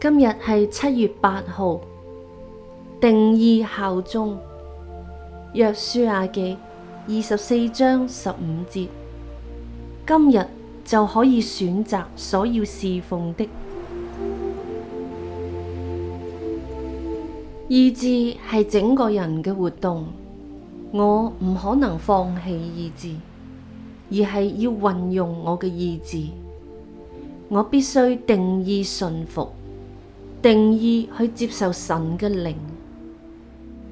今日係七月八號，定義效忠。約書亞記二十四章十五節，今日就可以選擇所要侍奉的意志，係整個人嘅活動。我唔可能放棄意志，而係要運用我嘅意志。我必須定義信服。定義去接受神嘅靈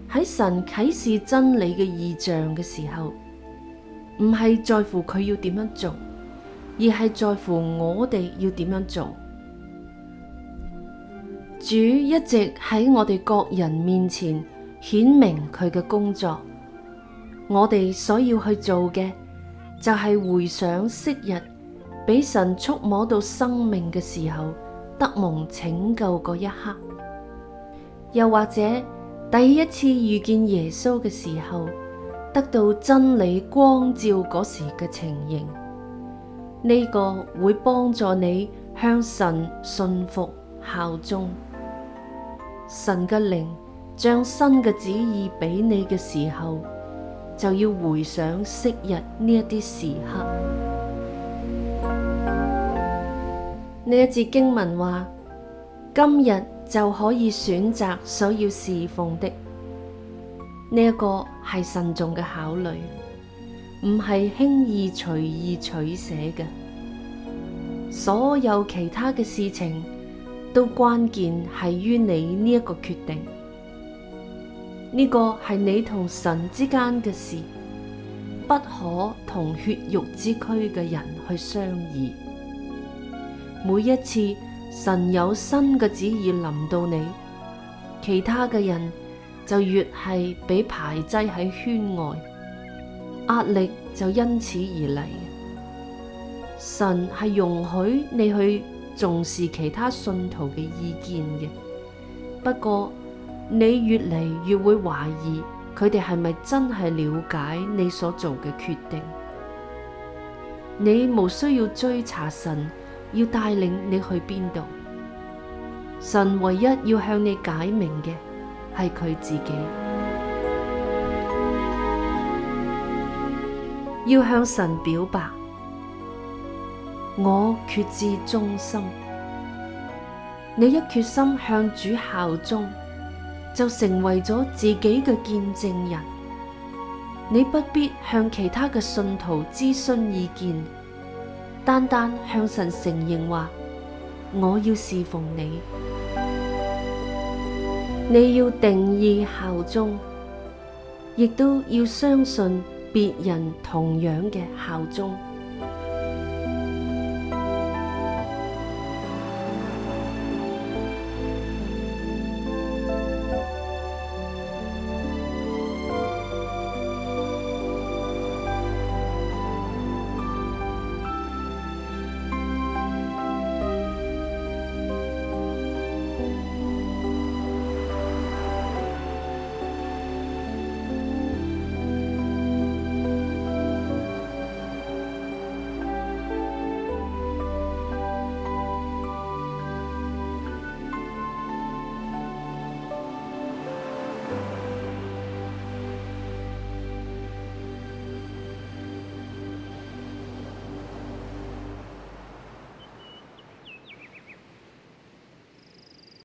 喺神啟示真理嘅意象嘅時候，唔係在乎佢要點樣做，而係在乎我哋要點樣做。主一直喺我哋各人面前顯明佢嘅工作，我哋所要去做嘅就係回想昔日俾神觸摸到生命嘅時候。得蒙拯救嗰一刻，又或者第一次遇見耶穌嘅時候，得到真理光照嗰時嘅情形，呢個會幫助你向神信服效忠。神嘅靈將新嘅旨意俾你嘅時候，就要回想昔日呢一啲時刻。呢一節經文話：今日就可以選擇所要侍奉的。呢一個係慎重嘅考慮，唔係輕易隨意取捨嘅。所有其他嘅事情都關鍵繫於你呢一個決定。呢個係你同神之間嘅事，不可同血肉之軀嘅人去商議。每一次神有新嘅旨意臨到你，其他嘅人就越係俾排擠喺圈外，壓力就因此而嚟。神係容許你去重視其他信徒嘅意見嘅，不過你越嚟越會懷疑佢哋係咪真係了解你所做嘅決定。你無需要追查神。要帶領你去邊度？神唯一要向你解明嘅係佢自己。要向神表白，我決志忠心。你一決心向主效忠，就成為咗自己嘅見證人。你不必向其他嘅信徒諮詢意見。單單向神承認話，我要侍奉你，你要定義效忠，亦都要相信別人同樣嘅效忠。